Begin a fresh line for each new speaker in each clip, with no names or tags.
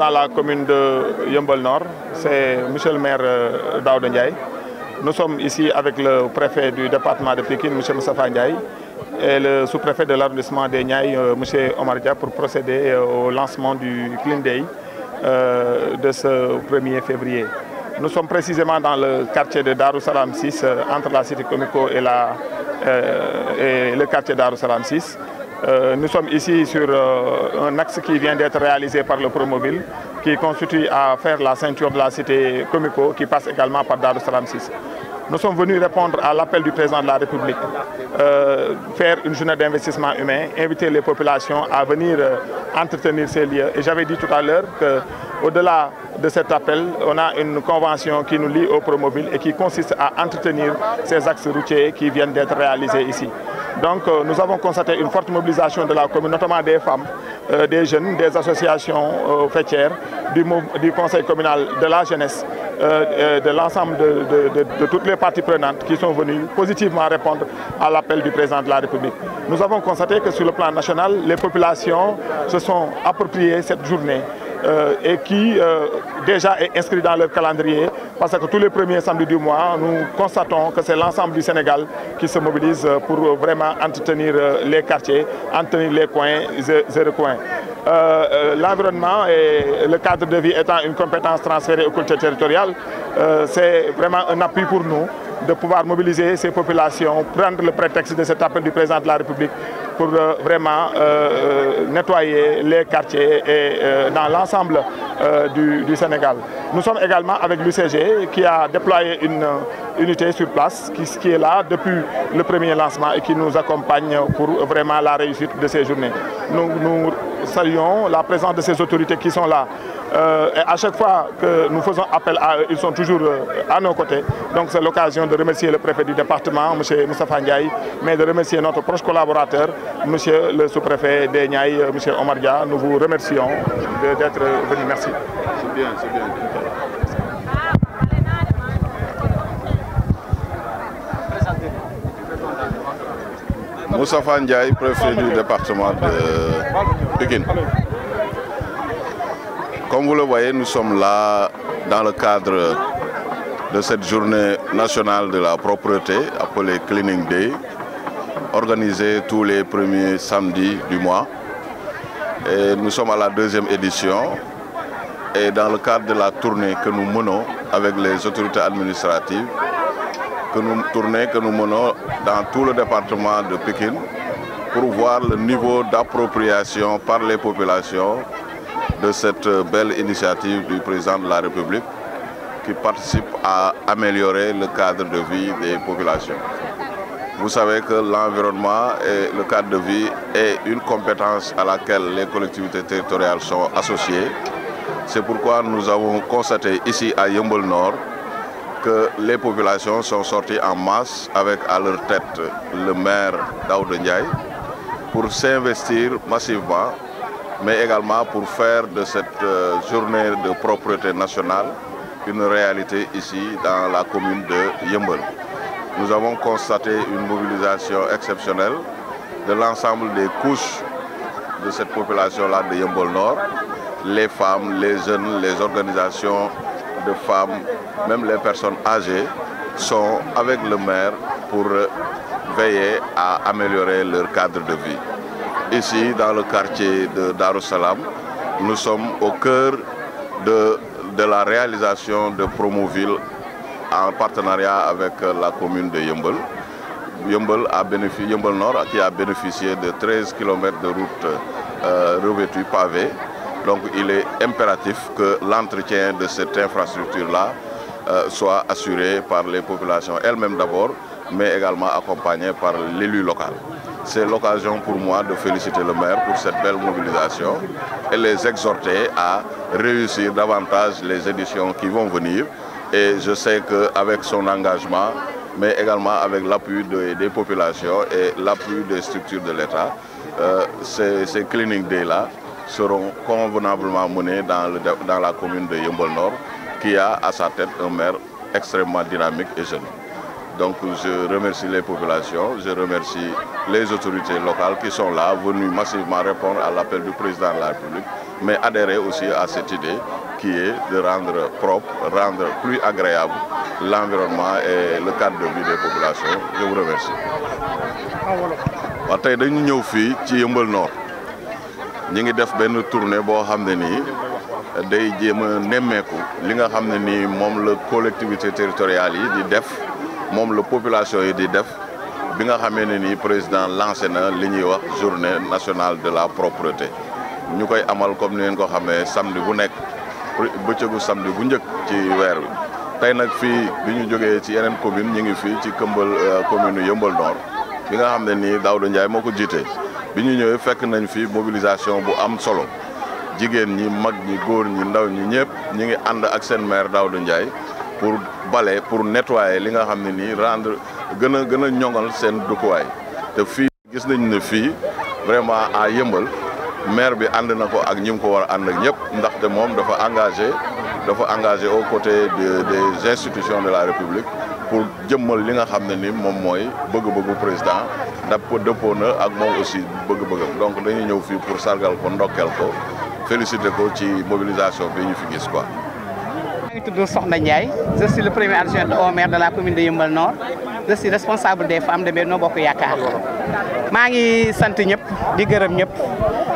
dans la commune de Yembol Nord, c'est Monsieur le maire euh, Daoud Ndiaye. Nous sommes ici avec le préfet du département de Pékin, M. Moussafa Ndiaye, et le sous-préfet de l'arrondissement des Niaï, euh, monsieur M. Omar pour procéder euh, au lancement du Clean euh, de ce 1er février. Nous sommes précisément dans le quartier de Darussalam 6, entre la cité Comico et, la, et le quartier Darussalam 6. Euh, nous sommes ici sur euh, un axe qui vient d'être réalisé par le Promoville, qui constitue à faire la ceinture de la cité Comico, qui passe également par Dar Salam 6. Nous sommes venus répondre à l'appel du président de la République, euh, faire d'investissement humain, inviter les populations à venir euh, entretenir ces lieux. Et j'avais dit tout à l'heure qu'au-delà de cet appel, on a une convention qui nous lie au Promoville et qui consiste à entretenir ces axes routiers qui viennent Donc euh, nous avons constaté une forte mobilisation de la commune, notamment des femmes, euh, des jeunes, des associations euh, fêtières, du, du, conseil communal, de la jeunesse, euh, euh, de l'ensemble de, de, de, de, toutes les parties prenantes qui sont venues positivement répondre à l'appel du président de la République. Nous avons constaté que sur le plan national, les populations se sont appropriées cette journée Euh, et qui euh, déjà est inscrit dans leur calendrier parce que tous les premiers samedis du mois, nous constatons que c'est l'ensemble du Sénégal qui se mobilise euh, pour vraiment entretenir les quartiers, entretenir les coins, les recoins. Euh, euh, l'environnement et le cadre de vie étant une compétence transférée aux cultures territoriales, euh, c'est vraiment un appui pour nous de pouvoir mobiliser ces populations, prendre le prétexte de cet appel du président de la République pour euh, vraiment euh, euh, nettoyer les quartiers et dans l'ensemble du, du, Sénégal. Nous sommes également avec l'UCG qui a déployé une unité sur place qui, qui est là depuis le premier lancement et qui nous accompagne pour vraiment la réussite de ces journées. saluons la présence de ces autorités qui sont là. Euh, et à chaque fois que nous faisons appel à eux, ils sont toujours euh, à nos côtés. Donc c'est l'occasion de remercier le préfet du département, M. Moustapha Ndiaye, mais de remercier notre proche collaborateur, M. le sous-préfet Ndiaye, euh, M. Omar Dia. Nous vous remercions d'être venus. Merci. C'est bien, c'est bien.
Moustapha Ndiaye préfet du département de Pékin. Comme vous le voyez, nous sommes là dans le cadre de cette journée nationale de la propreté, appelée Cleaning Day, organisée tous les premiers samedis du mois. Et nous sommes à la deuxième édition et dans le cadre de la tournée que nous menons avec les autorités administratives que nous, tournée que nous menons dans tout le département de Pékin pour voir le niveau d'appropriation par les populations de cette belle initiative du président de la République qui participe à améliorer le cadre de vie des populations. Vous savez que l'environnement et le cadre de vie est une compétence à laquelle les collectivités territoriales sont associées. C'est pourquoi nous avons constaté ici à Yumble Nord les populations sont sorties en masse avec à leur tête le maire Daoud Ndiaye pour s'investir massivement, mais également pour faire de cette euh, journée de propriété nationale une réalité ici dans la commune de Yembel. Nous avons constaté une mobilisation exceptionnelle de l'ensemble des couches de cette population-là de Yembol Nord, les femmes, les jeunes, les organisations de femmes, même les personnes âgées, sont avec le maire pour euh, veiller à améliorer leur cadre de vie. Ici, dans le quartier de Darussalam, nous sommes au cœur de, de la réalisation de Promoville en partenariat avec euh, la commune de Yumbel. Yumbel, a bénéficié, Yumbel Nord qui a bénéficié de 13 km de route euh, revêtue pavée Donc il est impératif que l'entretien de cette infrastructure-là euh, soit assuré par les populations elles-mêmes d'abord, mais également accompagné par l'élu local. C'est l'occasion pour moi de féliciter le maire pour cette belle mobilisation et les exhorter à réussir davantage les éditions qui vont venir. Et je sais qu'avec son engagement, mais également avec l'appui de, des populations et l'appui des structures de l'État, euh, ces, ces cliniques day-là seront convenablement menées dans, le, dans la commune de Yombol Nord, qui a à sa tête un maire extrêmement dynamique et jeune. Donc je remercie les populations, je remercie les autorités locales qui sont là, venues massivement répondre à l'appel du président de la République, mais adhérer aussi à cette idée qui est de rendre propre, rendre plus agréable l'environnement et le cadre de vie des populations. Je vous remercie. Ah, waaw tey dañu ñëw fii ci Yeumbeul Nord ñi ngi def benn tournée boo xam ne nii day jéem a nemmeeku li nga xam ne nii moom la collectivité territoriale yi di def moom la population yi di def bi nga xamee ne nii président lancé na li ñuy wax journée nationale de la propreté ñu koy amal comme ni ngeen ko xamee samedi bu nekk bëccëgu samedi bu njëkk ci weer wi. nag fii bi ñu jógee ci yeneen commune ñu ngi fii ci këmbal euh, commune Yëmbal Nord bi nga xam ne nii Daouda Ndiaye moo ko jiitee bi ñu ñëwee fekk nañ fi mobilisation bu am solo jigéen ñi mag ñi góor ñi ndaw ñi ñëpp ñi ngi ànd ak seen maire Daouda Ndiaye pour bale pour nettoyer li nga xam ne nii rendre gën a gën a ñoŋal seen dëkkuwaay te fii gis nañ ne fii vraiment à yëmbal maire bi ànd na ko ak ñi mu ko war a ànd ak ñëpp ndaxte moom dafa engagé dafa engagé aux côtés des institutions de la République pour jëmmal li nga xam ne ni moom mooy bëgg-bëggu président ndax dëppoo na ak moom aussi bëgg-bëggam donc dañuy ñëw fii pour sargal ko ndokeel ko féliciter ko ci mobilisation bi ñu fi gis quoi.
maa ngi tudd Soxna Ndiaye je suis le premier adjoint au maire de la commune de Yeumbeul Nord je suis responsable des femmes de Benno Bokk Yaakaar. maa ngi sant ñëpp di gërëm ñëpp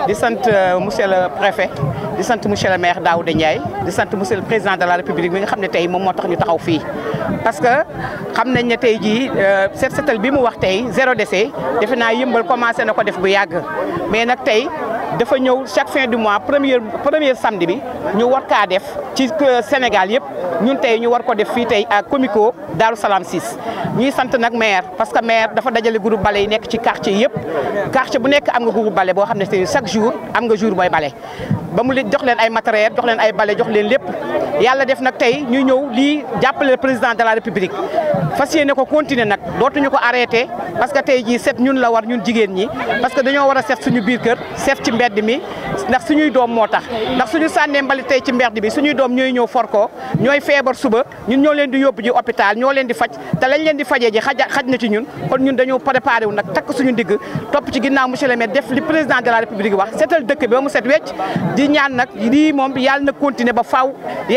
di sant euh, monsieur le préfet di sant monsieur le maire Daouda Ndiaye di sant monsieur le président de la république bi nga xam ne tey moom moo tax ñu taxaw fii. parce que xam nañ ne tey jii euh, set setal bi mu wax tey zéro décès defe naa yëmbal commencé na ko def bu yàgg mais nag tey. dafa ñëw chaque fin du mois premier premier samedi bi ñu war kaa def ci euh, Sénégal yëpp ñun tey ñu war ko def fii tey à Comico Darou Salaam 6 ñuy sant nag maire parce que maire dafa dajale groupe bale yi nekk ci quartier yëpp quartier bu nekk am nga groupe bale boo xam ne chaque jour am nga jour booy bale ba mu jox leen ay matériel jox leen ay bale jox leen lépp yàlla def nag tey ñu ñëw lii jàppale président de la république fas yéene ko continuer nag dootuñu ko arrêté parce que tey jii set ñun la war ñun jigéen ñi parce que dañoo war a set suñu biir kër set ci mbedd mi ndax suñuy doom moo tax ndax suñu sànnee mbali tey ci mbedd bi suñuy doom ñooy ñëw for ko ñooy feebar suba ñun ñoo leen di yóbbu ji hôpital ñoo leen di faj te lañ leen di fajee ji xaj xaj na ci ñun kon ñun dañoo préparé wu nag takk suñu ndigg ci ginnaaw monsieur le maire def li président de la république ba mu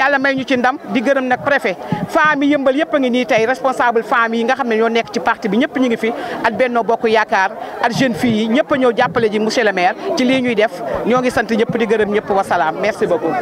yàlla may ñu ci ndam di gërëm nag préfet femme yi yëmbal yëpp a ngi nii tey responsable femme yi nga xam ne ñoo nekk ci parti bi ñëpp ñu ngi fi ak Benno Bokk Yaakaar ak jeune fille yi ñëpp a jàppale ji monsieur le maire ci lii ñuy def ñoo ngi sant ñëpp di gërëm ñëpp wasalaam merci beaucoup